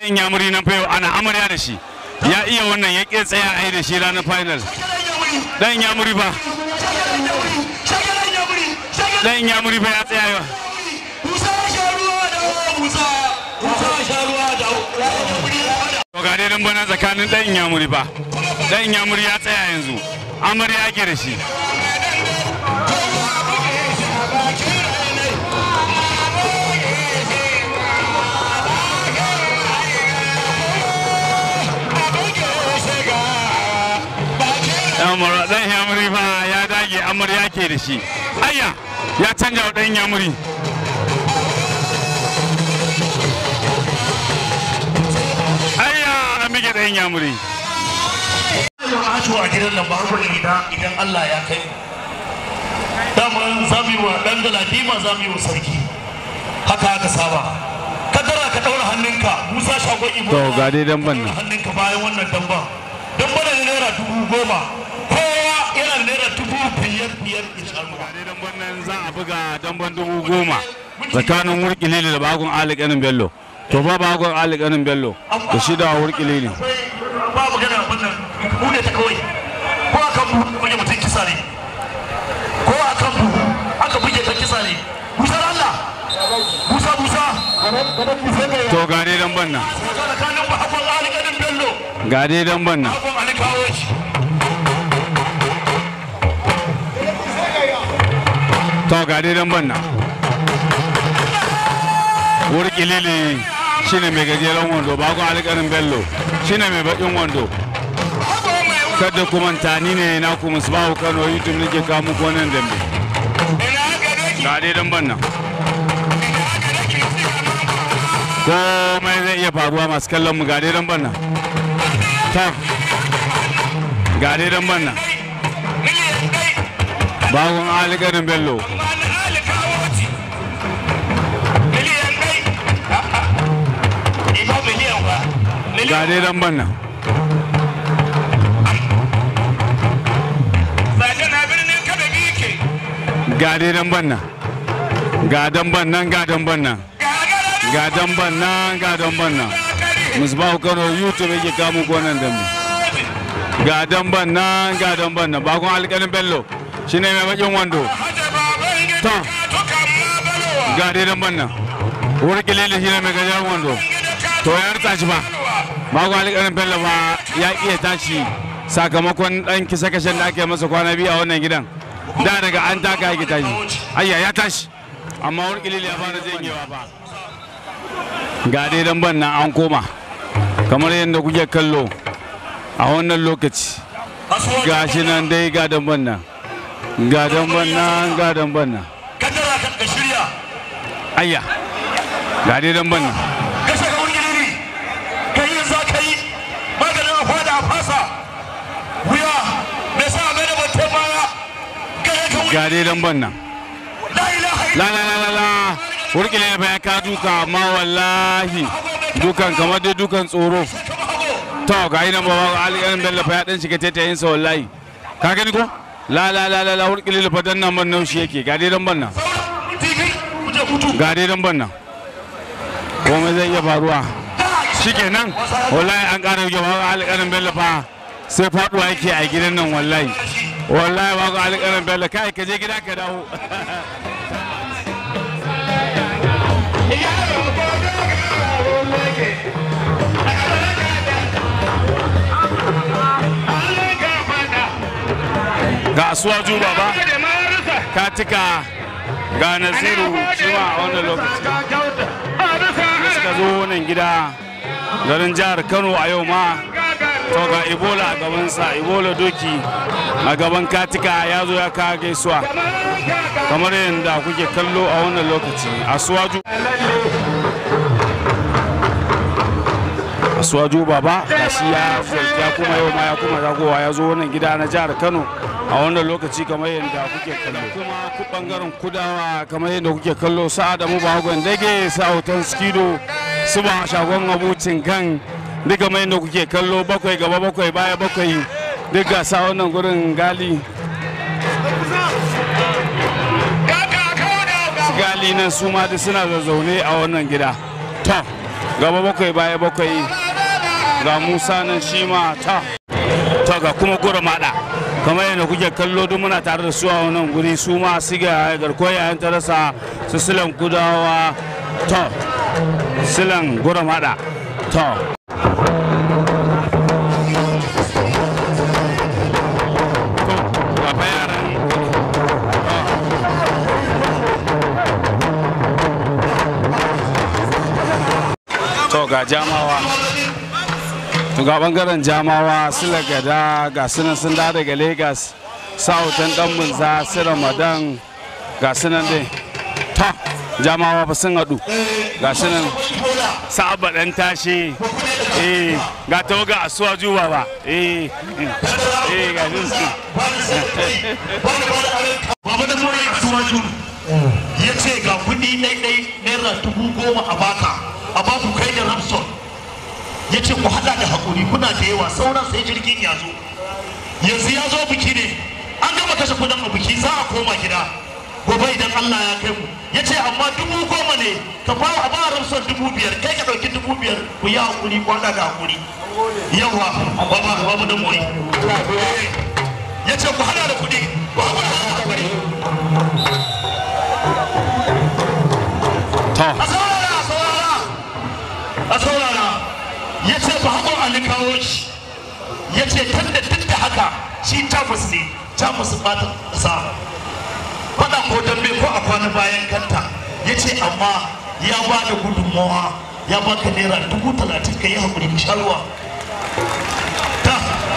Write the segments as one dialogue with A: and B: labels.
A: in yamuri nan fayo ana amarya da shi ya iya wannan ya ke tsaya a yi da shi ranar final
B: dan yamuri ba
A: dan muri ba ya tsaya yau ga bana tsakanin dan yamuri ba dan yamuri ya tsaya yanzu amarya ke da shi amur dan yamuri fa ya dage amur ya ke da shi ayya ya canja wa dan yamuri ayya mige dan yamuri
B: a gidan nan ba gida idan Allah ya kai dama za mu yi wa dan galadima za mu yi wa sarki haka aka saba kadara ka daura hannunka musa shagon ibo to ga
A: dai dan ban hannunka
B: bayan wannan dan ban dan ban naira dubu goma
A: kowa yana da naira dubu biyar biyar insha Allah damban nan za a buga damban dubu goma tsakanin wurkili da ali alikanin bello to ba ali alikanin bello da shi da wurkili ne ba magana wannan mu ne
B: ta kawai ko akan mu wani mutum kisa ne ko akan mu aka buge ta kisa ne musa Allah musa musa
A: to ga dai damban nan tsakanin bagon alikanin bello ga dai damban nan to ga dai banna wurki lili shine mai gajeren wando bakon alƙarin bello shine mai baƙin wando kada kuma tani ne na kuma su bawo kano youtube nake kawo muku wannan dambe ga dai banna komai zai iya faruwa masu kallon mu ga dai banna ta ga dai banna bakon alƙarin bello ga dai damban nan ga dai nan ga damban nan ga damban nan ga damban nan ga damban nan musbahu kano youtube yake kamun gonan dambe ga damban nan ga damban nan bakon alƙalin bello shine mai bakin wando ta ga dai damban nan wurin kilele shine mai gajar wando to ya rutsa shi ba bago alƙarin bello ya iya tashi sakamakon ɗan kisa kashen da aka yi masa kwana biyu a wannan gidan da daga an taka ya tashi ayya ya tashi amma wani ƙilili ya fara janyewa ba ga dai dan ban nan an koma kamar yadda kuke kallo a wannan lokaci ga shi nan dai ga dan ban nan ga dan ban nan ga dan ban nan ayya ga dai dan ban nan ga dan ban nan la la la la wurkile ba ya ka duka amma wallahi dukan kamar dai dukan tsoro to ga yi nan ba alƙalin bello fa ya dan shiga taitayin sa wallahi ka gani ko la la la la wurkile dan nan man naushi yake ga dan ban nan ga dai ban nan komai zai iya faruwa shikenan wallahi an ƙara yau alƙalin bello fa sai faduwa yake a gidan nan wallahi والله ba ku انا bello kai ka je gida ka dawo ga asuwa juba ba ga naziru a wannan lokaci suka zo nan gida garin jihar kano a yau ma to ga ibola a gabansa ibola doki a gaban katika ya zo ya kawo gaisuwa kamar yadda kuke kallo a wannan lokaci a suwaju suwaju baba shi ya kuma yau ma ya kuma ragowa ya zo wannan gida na jihar kano a wannan lokaci kamar yadda kuke kallo kuma ku bangaren kudawa kamar yadda kuke kallo sa'a da mu ba dage sa hoton skido su ba shagon abucin gan duka mai da kuke kallo bakwai gaba bakwai baya bakwai duk gasa wannan gurin gali gali nan su ma duk suna zazzaune a wannan gida ta gaba bakwai baya bakwai ga musa nan shi ma ta ta ga kuma gura mada kamar yadda kuke kallo duk muna tare da su a wannan guri su ma su ga garkuwar yayin ta rasa su silan gudawa ta silan gura mada ta jamawa to ga bangaren jamawa su lagada ga sunan sun da daga lagos sautan dan munza su ramadan ga sunan dai ta jamawa fa sun hadu ga sunan sa'abba dan tashi eh ga tawaga a suwa juba ba eh eh ga jin su baba da mura suwa ju
B: ya ce ga kuɗi ɗaiɗai naira dubu goma a baka a baku kai da rapson ya ce ku haɗa da hakuri kuna da yawa sauran sai jirgin ya zo yanzu ya zo biki ne an gama kashe kuɗin a biki za a koma gida gobe idan Allah ya kai mu ya ce amma dubu goma ne ka ba a ba ramson dubu biyar kai ka ɗauki dubu biyar ku yi hakuri ku haɗa da hakuri yawa ba babu da mori ya ce ku haɗa da kuɗi ku haɗa da hakuri a saurara a saurara a saurara ya ce ba haɗo kawo shi ya ce tun da duk da haka shi jamus ne jamus ba ta sa. ko dambe ko a kwana bayan kanta ya ce amma ya ba da gudunmawa ya baka naira dubu talatin ka yi haƙuri ka sha ruwa
A: ta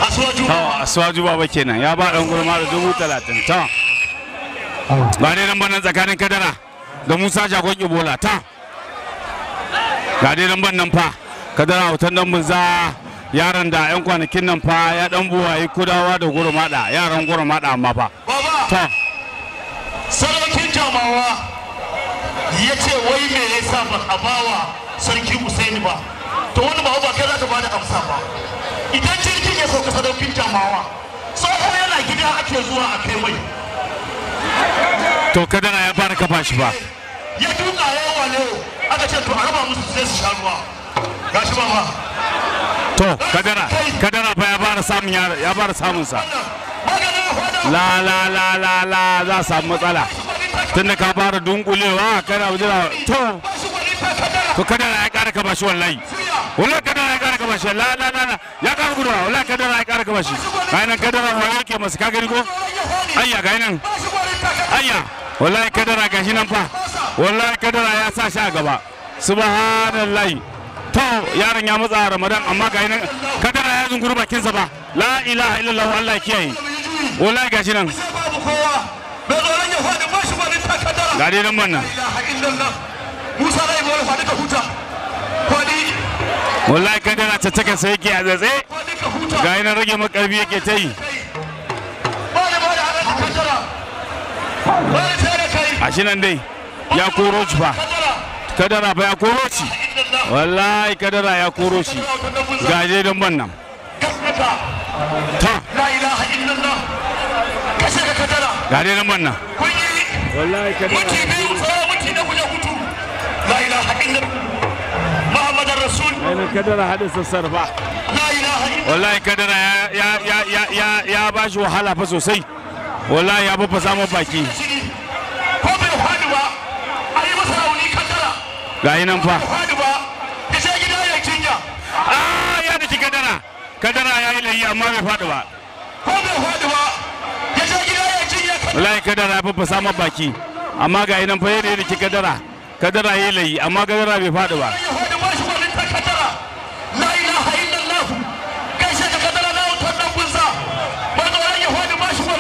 A: asuwaju ba asuwaju ba ba kenan ya ba ɗan gudunmawa da dubu talatin ta ba ne nan bannan tsakanin kadara da musa jagon ibola ta ga dai nan ban nan fa kadara hoton dan bunza yaran da yan kwanakin nan fa ya dan buwaye kudawa da gurmada yaran gurmada amma fa to sarkin
B: jamawa ya ce wai me ya sa ba a bawa sarki usaini ba to wani ba ba kai za ka bada amsa ba idan jirgin ya sauka sadaukin jamawa tsoho yana gida ake zuwa a kai mai
A: to na ya fara kafa shi ba
B: ya duka yawa ne aka ce to a raba musu sai su sha ruwa gashi ba ba.
A: to kadara kadara ba ya fara samun ya fara samun sa la la la la la za samu matsala tun da ka fara dunkulewa kana wajen jira to to kada ya kara ka bashi wallahi wallahi kada ya kara ka bashi la la la ya kara gudu wallahi kada ya kara ka bashi kai nan kada ya ke masa ka gani ko ayya kai nan ayya wallahi kada kadara gashi nan fa wallahi kada kadara ya sa shi a gaba subhanallahi to yaron ya matsa ramadan amma kai nan kada kadara ya zunguru sa ba la ilaha illallah wallahi kiyaye wallahi gashi nan ga dai nan banna
B: musa zai bawar faɗi ka huta
A: wallahi kan ta take sai yake a zatse ga nan rage makarbi yake ta yi a shi nan dai ya koro shi fa kadara ba ya koro shi wallahi kadara ya koro shi ga nan banna to ga dai nan banna wallahi kada muti
B: biyu tsoro muti na kuje kutu la ilaha illallah muhammadar
A: rasul ainihin kadara hadin sassarfa wallahi kadara ya ya ya ya ba shi wahala fa sosai wallahi ya bafa samun baki
B: ko bai hadu ba a yi masa
A: rauni kadara ga yi nan fa
B: hadu ba ya sai gida ya cinya ah ya da kadara
A: kadara ya yi layi amma bai fadu ba
B: ko bai hadu ba
A: wallahi kadara ya fa samun baki amma ga nan fa yadda yake kadara kadara ya layi amma kadara bai faɗi ba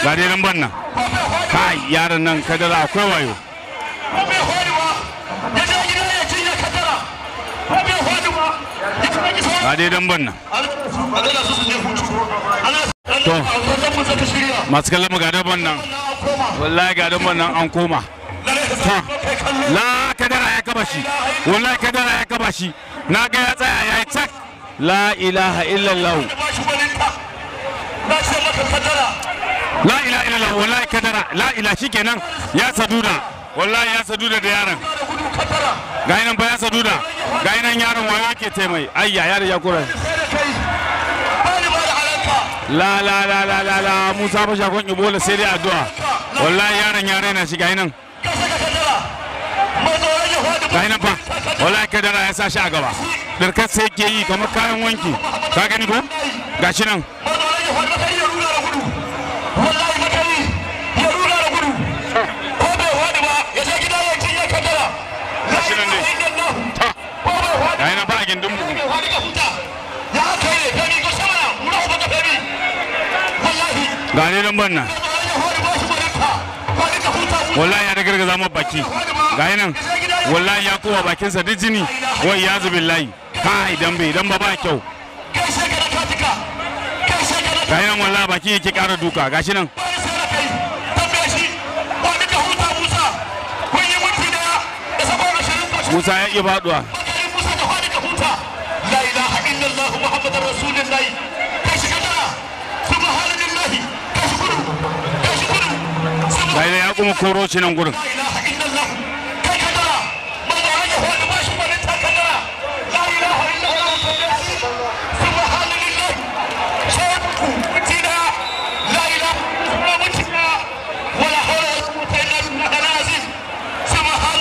A: ga dai nan banna kai yaran nan kadara akwai wayo ga dai nan banna to masu kallon ga banna wallahi ga dun nan an koma la kadara ya kaba shi wallahi kadara ya kaba shi na ga ya tsaya ya yi tak la ilaha illallah la ilaha illallah wallahi kadara la ilaha shikenan ya saduda wallahi ya saduda da yaron ga nan ba ya saduda ga nan yaron wa yake taimai ayya ya da ya kura la la la la la la musa ba sha shagon ibola sai dai addu'a wallahi yaron yare na shi gayi nan gayi nan fa wallahi kadara ya sa shi a gaba dirkar sai ke yi kamar kayan wanki ka gani ko gashi nan Ya kai ne, gane nan ban nan wallahi ya daga zama baki gane nan wallahi ya kowa bakinsa duk jini wai ya zubi layi kai dan bai dan ba ba kyau gane nan wallahi baki yake kara duka gashi nan Musa ya iya faduwa kuma koro shi nan gurin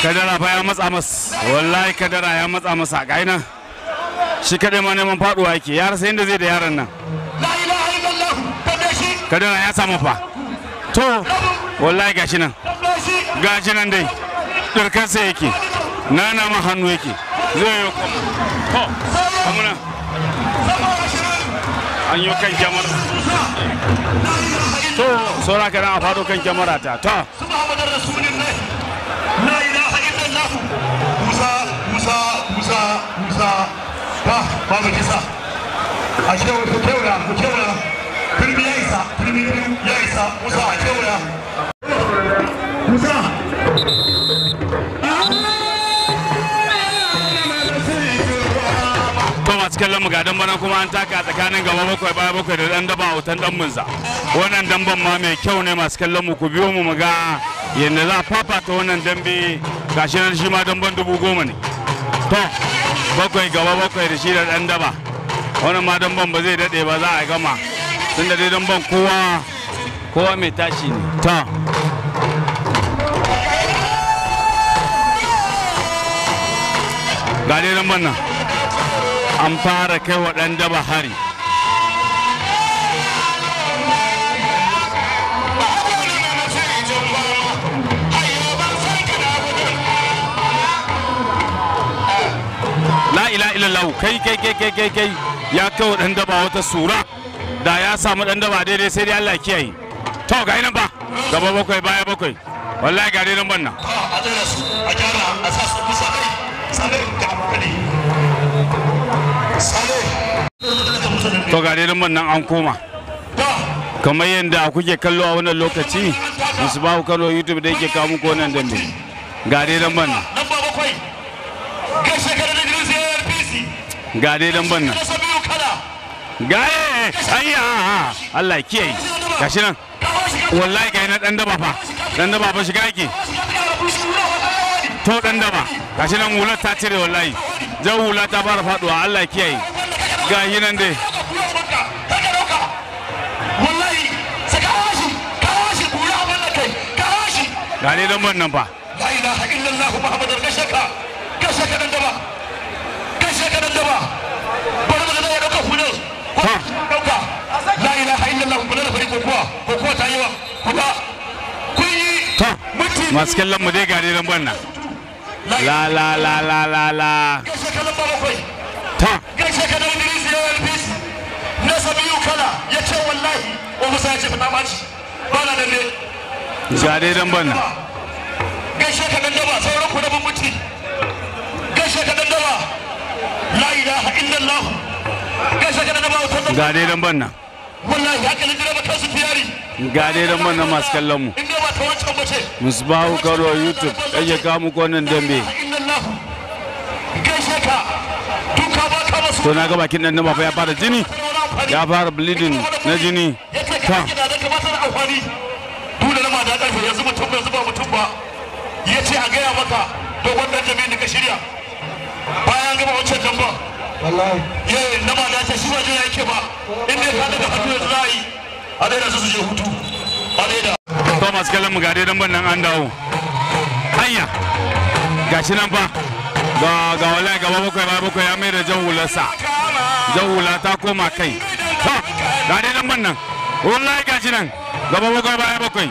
A: kadara fa ya matsa masa wallahi kadara ya matsa masa ga ina shi kadai ma neman faduwa yake ya rasa yadda zai da yaran nan kadara ya samu fa to wallahi gashi nan gashi nan dai ɗarkarsa yake na nama hannu yake zai yi kwamuna an yi kan kyamar to saura ka a fado kan kyamara ta ta
B: babu kisa ashe ku keura ku keura turmi ya isa turmi ya isa musa
A: kallon mu bana kuma an taka tsakanin gaba bakwai baya bakwai da dan daba hoton dan munza wannan damban ma mai kyau ne masu kallon mu ku biyo mu mu ga yanda za a fafata wannan dambe gashi nan shi ma damban dubu goma ne to bakwai gaba bakwai da shi da dan daba wannan ma damban ba zai dade ba za a gama tun da dai damban kowa kowa mai tashi ne to ga dai damban nan an fara kai wa ɗan daba hari la ila kai kai kai kai kai kai ya kai wa ɗan daba wata sura da ya samu ɗan daba daidai sai dai Allah kiyaye to ga nan ba gaba bakwai baya bakwai wallahi ga nan ban a a gyara a sa su kusa kai sanar da to ga dai man nan an koma kamar yadda kuke kallo a wannan lokaci musu ba kano youtube da yake kawo muku wannan dambe ga dai man nan ga dai man nan gaye ayya eh, Allah kiyaye gashi nan wallahi ga na dan daba fa dan daba fa shiga yake to dan daba gashi nan hular ta cire wallahi jan hula ta fara faduwa Allah kiyaye gashi nan dai ga dai don nan fa
B: la ilaha illallah muhammadur rasulullah gashaka ka dan daba gashaka dan daba bari mu
A: ga la ilaha illallah kullal fari ko kuwa ko kuwa ta yi wa kuma yi mutum masu kallon mu la la la la la la kai ta
B: ya na sabiyu kala wallahi wa musa ya ce fata
A: jare dan banna
B: gaishe ka sauran da ka la ilaha illallah gaishe ka
A: gare dan banna gare dan banna masu kallon mu inda
B: ba ta wancan
A: musbahu karo youtube kai kamu dambe gaishe ka duka ba ka masu to na ga bakin fa ya fara jini ya fara bleeding na jini ta
B: karfe yanzu mutum bai zuba mutum ba ya ce a gaya maka dogon dan jami'in da ka shirya bayan gama wancan jamba
A: ya na ma ce shi waje ya yake ba inda ya kada da hatu yanzu za a yi a daida su su je hutu a daida to masu kallon mu ga dai nan an dawo hanya gashi nan fa ga ga wallahi gaba bakwai ba bakwai ya mai da jahularsa jahula ta koma kai to ga dai damban nan wallahi gashi nan gaba bakwai baya bakwai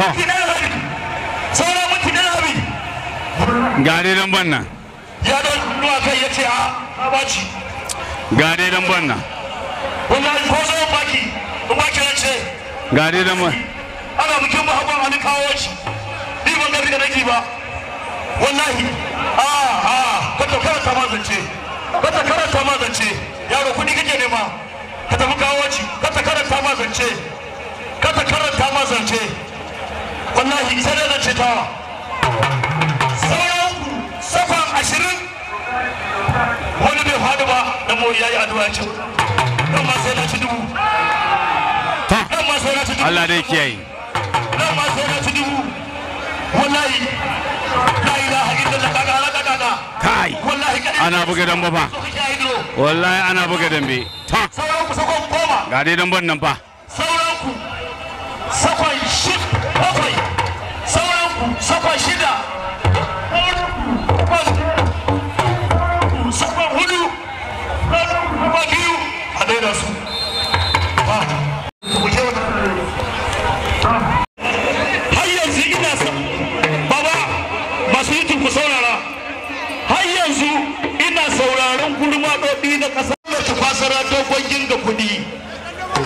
A: to gare dan banna
B: ya da kai ya ce a banna wallahi ko zo baki baki ya ce banna ana ba kawo shi ni ban da nake ba wallahi a a karanta ma zance karanta ma zance yaro kudi kake nema ka tafi kawo shi karanta ma zance karanta ma zance wallahi sadaka ce ta sauran ku safa ashirin wani bai faɗi ba da mori yayi addu'a ya ce dan ma sai na ci dubu dan ma sai na ci dubu Allah dai kiyaye dan ma sai na ci dubu wallahi la ilaha
A: illallah kaga halaka kaga kai wallahi ana buga dan ba wallahi ana buga dambe ta sauran ku sakon goma ga dai dan ban nan fa sauran ku
B: sakon shi Sakwa shida sakon hudu sakon biyu a daina su har yanzu ina baba masu yi ku saurara har yanzu ina sauraron ɗoɗi na ƙasa da ta dogon kuɗi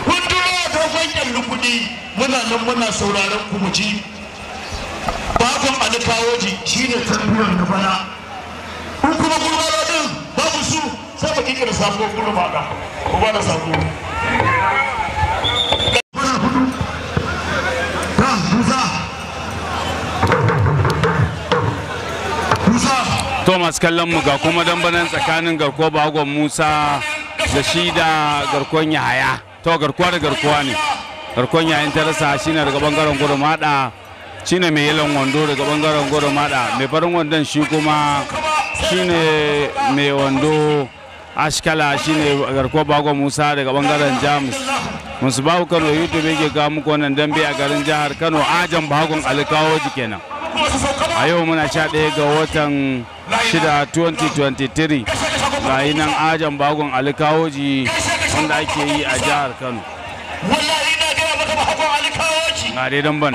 B: kun duro dogon kuɗi muna nan muna sauraron ku mu ji bakon alkawoji shine champion na bana in kuma gurbala din babu su sai baki kira sabo gurba da ko ba da sabo
A: Thomas kallon mu ga kuma dambanan tsakanin garkuwa bagon Musa da shi da garkuwan Yahaya. To garkuwa da garkuwa ne. Garkuwan Yahayan ta rasa shine daga bangaren gudun hada shine mai yalon wando daga bangaren goro mada mai farin wandon shi kuma shine mai wando ashkala shine garkuwa bago musa daga bangaren jamus musu babu kano youtube yake ga muku wannan dambe a garin jihar kano ajan bagon alikawo kenan a yau muna sha ɗaya ga watan shida 2023 ga nan ajan bagon alikawoji wanda ake yi a jihar kano ga dai damban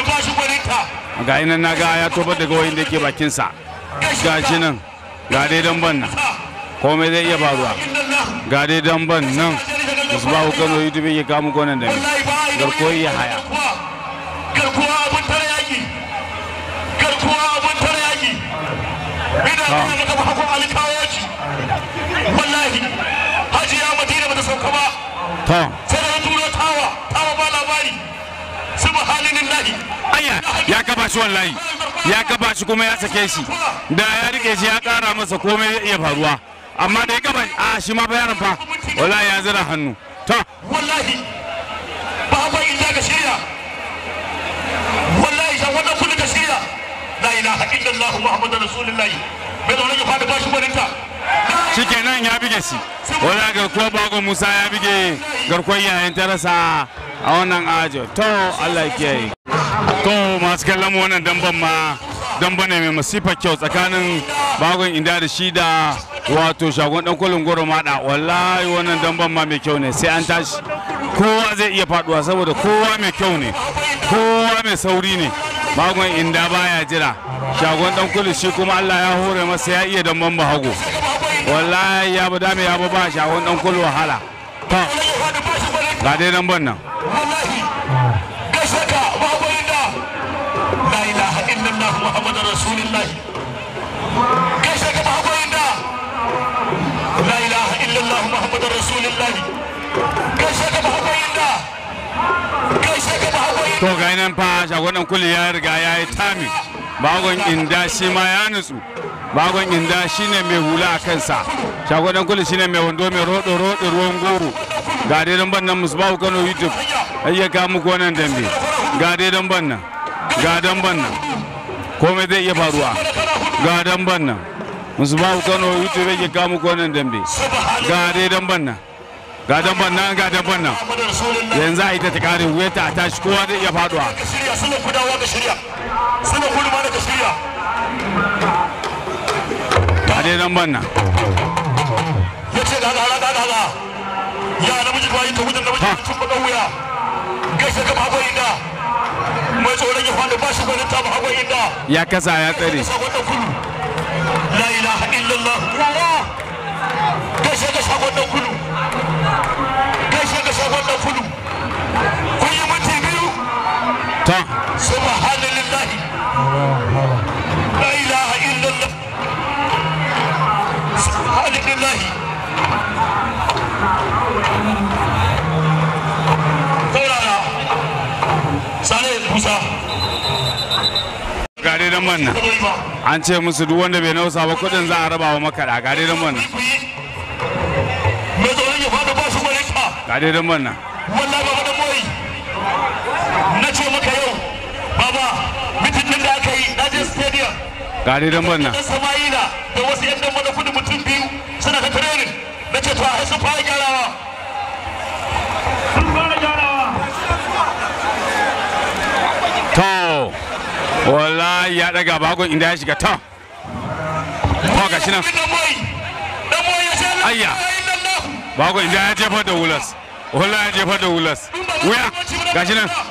A: ga yi nan naga ya tobar da gawayin da ke bakinsa ga shi nan ga dai damban nan komai zai iya faruwa ga dai damban nan wasu ba ku kano youtube ke kamu gonan da mai garkuwar ya haya ta anya ya kaba shi wallahi ya kaba shi kuma ya sake shi da ya rike shi ya kara masa komai ya iya faruwa amma da ya kaba a shi ma bayan fa wallahi ya zira hannu to wallahi
B: ba ba illa ga shirya wallahi san wannan kullu ga shirya la ilaha
A: illallah muhammadu rasulullahi bai zo ne fada shi barinta shikenan ya bige shi wala garkuwa bago musa ya bige garkuwar yayin tarasa a wannan ajo to allah kiyaye to masu kallon wannan damban ma damba ne mai masifar kyau tsakanin bagon inda da shi da wato shagon dan kwalin goro mada wallahi wannan damban ma mai kyau ne sai an tashi kowa zai iya faduwa saboda kowa mai kyau ne kowa mai sauri ne bagon inda baya jira shagon dan kwalin shi kuma Allah ya hore masa ya iya damban bahago wallahi ya ba dame ya ba ba shagon dan kwalin wahala to ga dai damban nan to ga nan fa shagonan kulli ya riga ya yi tami bagon inda shi ma ya nutsu bagon inda shi ne mai hula a kansa shagonan kulli shi ne mai wando mai roɗo roɗo ruwan goro ga dai don bannan musbahu kano youtube ayyaka muku wannan dambe ga dai don bannan ga don bannan komai zai iya faruwa ga don bannan musbahu kano youtube ayyaka ko nan dambe ga dai don bannan ga damban nan ga damban nan yanzu a yi ta tikarin kare weta a tashi kowa da iya faduwa
B: suna kudawa da shirya suna kudu da
A: ga dai damban nan
B: ya ce da hada da hada ya na miji yi ta gudun da miji tun bakan wuya gaisa ga hagon inda mai tsoron ya fada ba shi gwanin ta ba hagon inda
A: ya kasa ya tsare
B: la ilaha illallah gaisa ga shagon da kudu subhanallahi la ilaha illallah
A: gare an ce musu duk wanda bai nausa ba kudin za a raba wa makara gare da wannan gare dan wannan wallahi stadium banna
B: da wasu yan dan suna ta training
A: na ya daga bagon inda ya shiga ta to ga shi nan ayya bagon inda ya jefa da wulas wallahi ya jefa da wulas wuya ga nan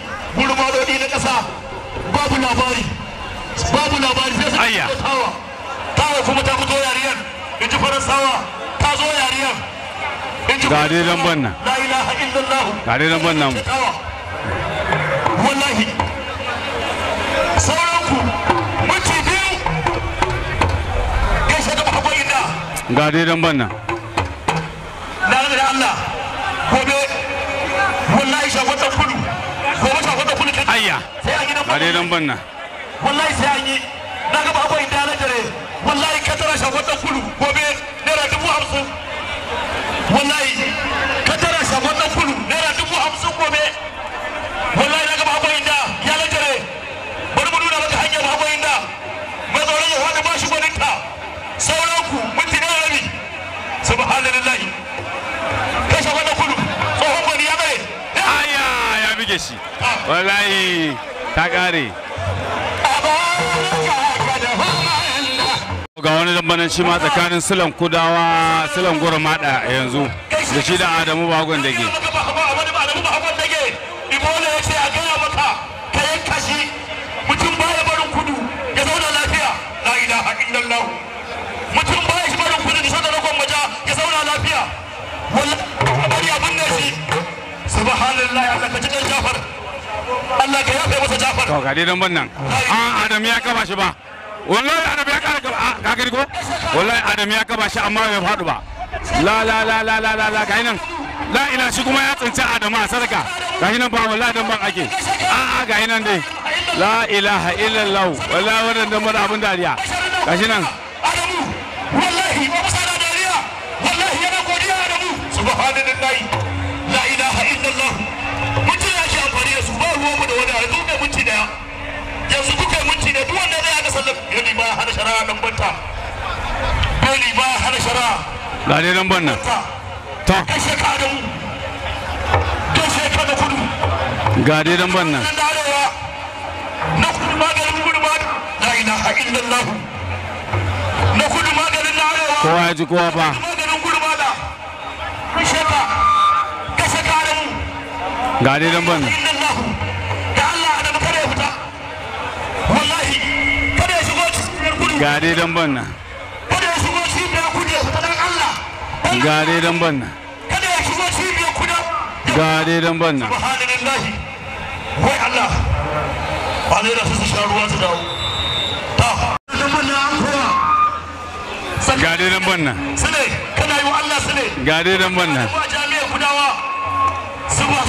B: gurmadodi na ƙasa babu labari babu labari sai su fito tawa tawa kuma ta fito yariyar in ji faransawa ta zo yariyar
A: ga dai lamban nan
B: la ilaha illallah
A: ga dai lamban nan
B: wallahi sauran ku mutu biyu
A: gaishe da bakwai inda ga dai lamban banna.
B: na da Allah gobe wallahi shagwatan
A: a dai wallahi
B: sai an yi na ga ba akwai da dare wallahi dan kulu gobe naira dubu hamsin wallahi kulu naira dubu hamsin gobe wallahi na ga ba akwai da ya dare mu nuna maka ba akwai da wani ba shi sauran ku rabi subhanallahi kulu tsohon gwani ya aya
A: ya bige shi ah. wallahi ta ƙare ga wani dambanin shi ma tsakanin silan kudawa silan goro mada yanzu da shi da adamu bagon dage to ga dai damban nan a adam ya kaba shi ba wallahi adam ya kara ka gani ko wallahi adam ya kaba shi amma bai fadu ba la la la la la la la ga nan la ila shi kuma ya tsinci adam a sarka ga nan ba wallahi dan ban ake a a ga nan dai la ilaha illallah wallahi wannan dan damban abin dariya gashi nan
B: da wani daya yanzu kuka yi daya zai sallar yoni ba hana banta yoni ba hana
A: ga dai dan bannan kashe kashe kudu ga dai dan na
B: kudu maganin kudu ba
A: na kudu maganin na arewa kowa ya ji kowa ba ga dai dan ga dai dan kada ya shigo cibiyar kudi dan Allah kada ya shigo cibiyar kudi subhanallahi
B: wai Allah da su sha ruwa su dawo ta dan an yi wa
A: Allah
B: kudawa su ba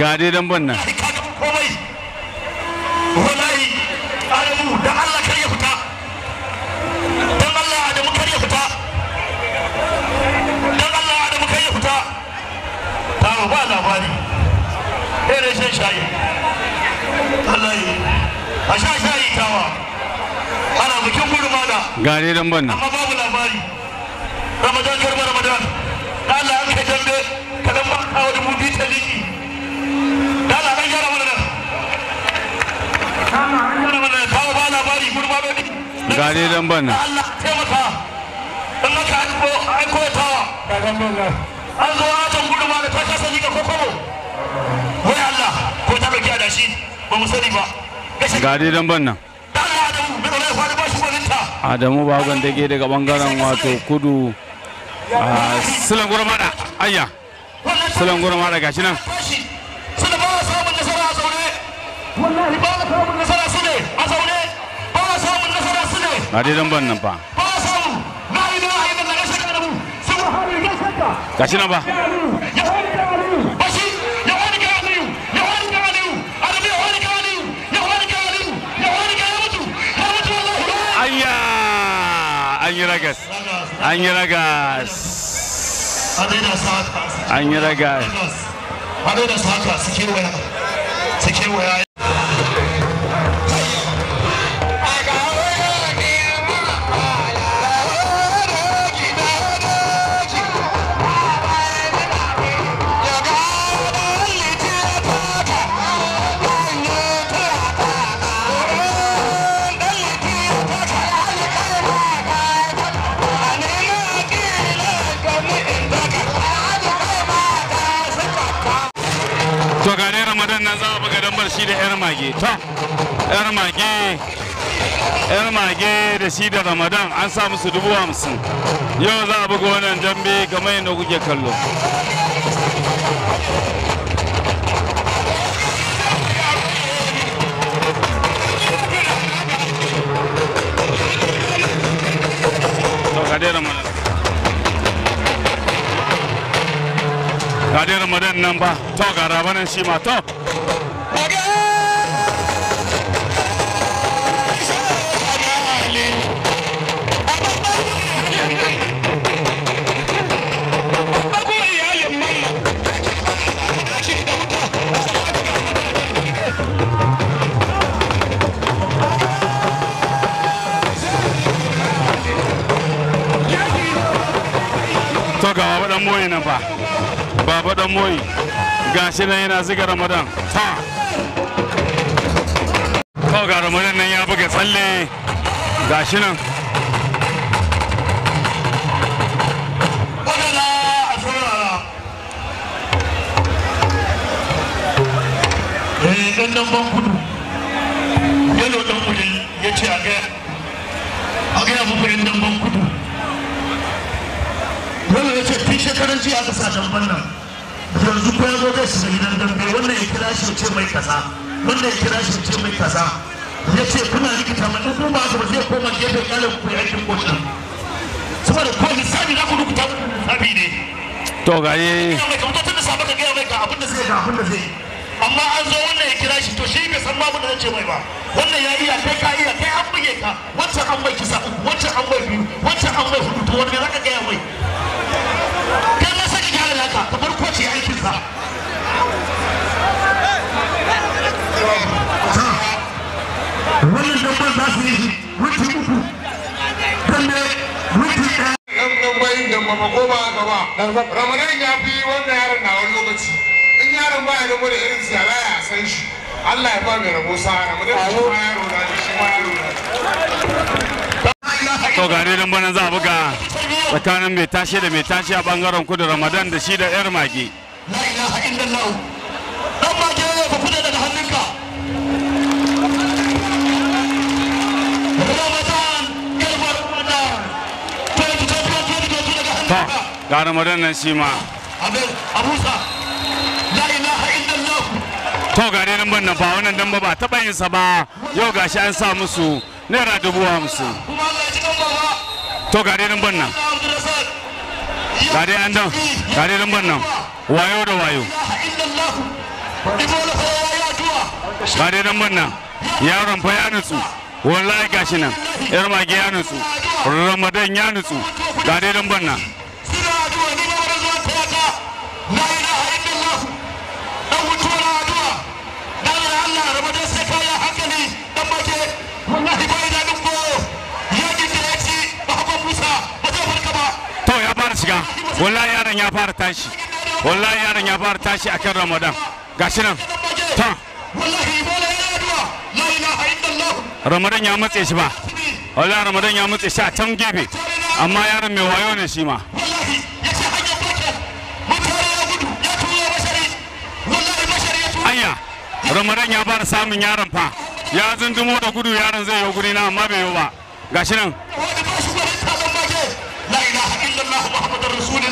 A: ka adamu a kudawa
B: shayi wallahi a sha shayi tawa ana bikin gurma da
A: gare dan banna.
B: amma babu labari ramadan ramadan da Allah an kai dambe ka dan ba kawo dubu biyu ta liki da Allah an
A: gyara kawo ba labari gurma gare dan banna. Allah taimaka
B: in tawa an zo a gurma da ta kasa ni ka gashi ba mu sani ba
A: ga dai dan ban nan Adamu Bagon dage daga bangaren wato kudu a ah, Silan Gurmada ayya Silan Gurmada gashi nan ga dai dan ban nan fa gashi nan ba ragas an yi ragas an ragas mage ta yar mage yar mage da shi da ramadan an sa musu dubu hamsin yau za a buga wannan dambe kamar yadda kuke kallo ga dai ramadan nan ba to ga rabanan shi ma to to ga baba dan moyi nan fa baba dan moyi gashi nan yana ziga ramadan ta to ga ramadan nan ya buga tsalle gashi nan
B: ɗan nan ban kudu yalo ɗan kudi ya ce a gaya a gaya muku ɗan nan ban kudu wannan ya ce tun shekaran jiya aka sa damban nan yanzu ko ya zo zai shiga gidan dambe wannan ya kira shi ce mai kaza wannan ya kira shi ce mai kaza ya ce kuna rikita mai ɗan ba ba zai koma gefe ƙalar ku ya aikin kotun saboda ko misali za ku rubuta muku misali ne
A: to ga yi
B: ka mutum da sabon ka gaya mai ga abin da zai ga abin da zai amma an zo wannan ya kira shi to shi bai san babu da zai ce mai ba wannan ya iya kai ka iya kai an buge ka wancan an mai kisa wancan an mai biyu wancan an mai hudu to wani ne ka gaya mai kai ya saki kyale ce aikin wannan za su yi ne ramadan ya fi wannan yaron
A: na wani lokaci in yaron ba ya da irin sa ba ya san shi Allah ya ba mai rabo sa ramadan shi ma yaro na shi ma yaro na to gane dan bana za a buga tsakanin mai tashi da mai tashi a bangaren kudu ramadan da shi da yar mage ga ramadan nan shi ma
B: abusa la ilaha illallah
A: to ga nan ban nan wannan dan ba taba yin sa ba yau gashi an sa musu naira dubu hamsin to gare dai rumban nan gare an dan gare dai rumban nan wayo da wayo gare dai rumban nan yaron fa ya nutsu wallahi gashi nan irma mage ya nutsu ramadan ya nutsu gare dai rumban nan wallahi yaron ya fara tashi wallahi yaron ya fara tashi kan ramadan gashi nan ta ramadan ya matse shi ba wallahi ramadan ya matse shi a can gefe amma yaron mai wayo ne shi ma anya ramadan ya fara samun yaron fa ya zundumo da gudu yaron zai yi guri na amma bai yi ba gashi nan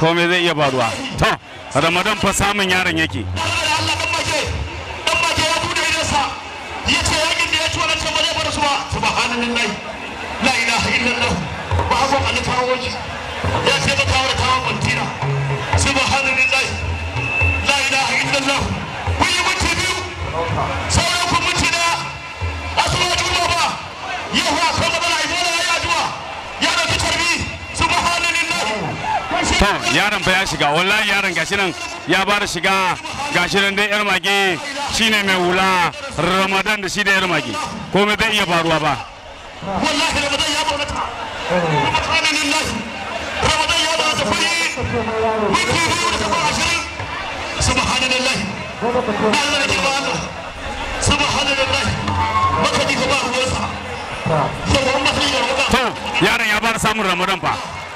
A: komai zai iya baruwa to ramadan fa samun yaron yake
B: subhanallahi ya
A: to yaron fa ya shiga wallahi yaron gashi nan ya ba shiga gashi nan dai yar mage shine mai wula ramadan da shi da yar mage komai bai iya faruwa ba
B: wallahi ramadan ya bauta ramadan lillahi ramadan ya bonata fari mutum biyu da kuma ashirin subhanallahi Allah ya ba Allah subhanallahi baka ji ba ruwansa
A: yaron ya ba samun ramadan fa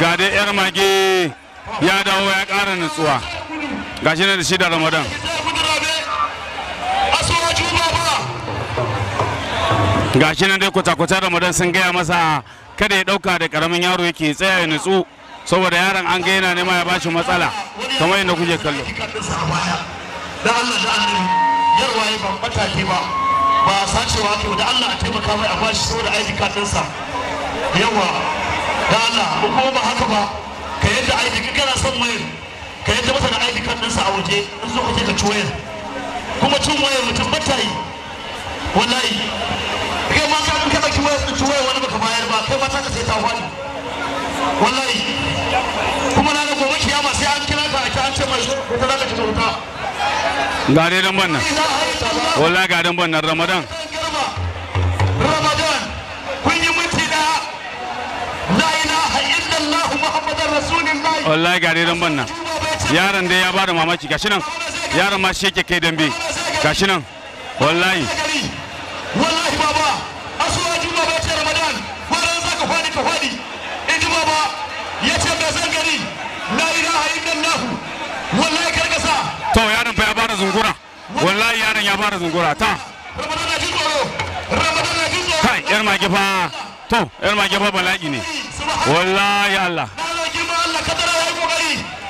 A: ga dai yar mage ya dawo ya ƙara nutsuwa gashi na da shi da ramadan gashi nan dai kwata-kwata ramadan sun gaya masa kada ya ɗauka da ƙaramin yaro yake tsaya ya nutsu saboda yaron an ga yana nema ya bashi matsala kamar yadda kuke kallo
B: da Allah da annabi yarwa ya ban mataki ba ba sacewa ke da Allah a taimaka mai a bashi saboda aiki kadinsa yawa da Allah ko kuma ba haka ba ka yadda ID ka kana son wayar ka yadda masa da ID card ɗinsa a waje in zo ka ka ci wayar kuma cin wayar mutum ba ta yi wallahi kai ma ka ka ɗauki wayar ka ci wayar wani baka bayar ba kai ma ta ka sai ta faɗi wallahi kuma na da gobe kiyama sai an kira ka a ta an ce mai ko ta zaka ci wuta
A: ga dai dan bannan wallahi ga dan bannan ramadan ramadan kun yi wallahi gare daidan banna yaron da ya bada mamaki gashi nan yaron ma sheke kai dambe gashi nan wallahi wallahi baba asuwa
B: juma bai ce ramadan bayan zaka fadi ka fadi in ji baba ya ce bai san gari la ilaha illallah
A: wallahi karkasa to yaron fa ya bada zungura wallahi yaron ya bada zungura ta ramadan na ji tsoro ramadan na ji tsoro kai yar mage fa to yar mage fa bala'i ne wallahi allah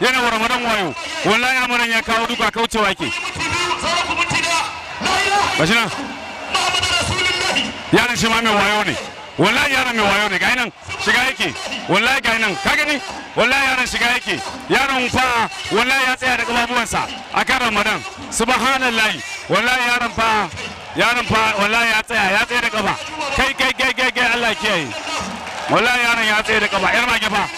A: yana wa ramadan wayo wallahi amuran ya kawo duka kaucewa ke bashina nan yaran shi ma mai wayo ne wallahi yana mai wayo ne gainan nan shiga yake wallahi gainan nan ka gani wallahi yana shiga yake yaron fa wallahi ya tsaya da kababuwansa a kan ramadan subhanallah wallahi yaron fa yaron fa wallahi ya tsaya ya tsaya da kaba kai kai kai kai Allah kiyaye wallahi yaron ya tsaya da kaba yar ma fa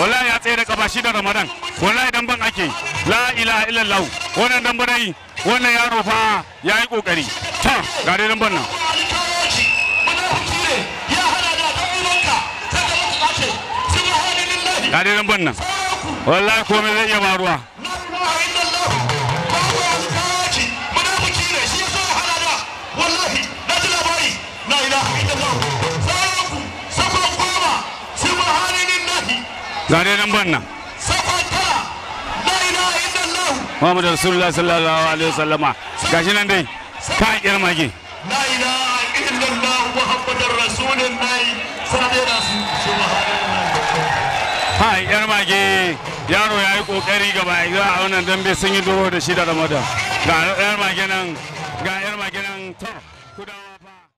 A: wallahi ya tsaye da bashi shi da ramadan wallahi dan ban ake la ilaha illallah wannan dan bane wannan yaro fa yayi kokari to ga dai dan ban nan ga dai dan ban nan wallahi komai zai iya baruwa ga dai nan Muhammad Rasulullah sallallahu alaihi wasallam gashi nan dai ka kiyar mage la ilaha
B: illallah muhammadur rasulullah
A: ha yar mage yaro ya yi kokari gaba za a wannan dambe sun yi doro da shi da ramadan ga yar mage nan ga yar mage nan